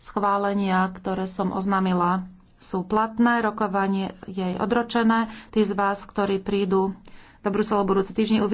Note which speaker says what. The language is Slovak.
Speaker 1: schválenia, ktoré som oznámila, sú platné, rokovanie je odročené. Tí z vás, ktorí prídu do Bruselu budúci týždeň,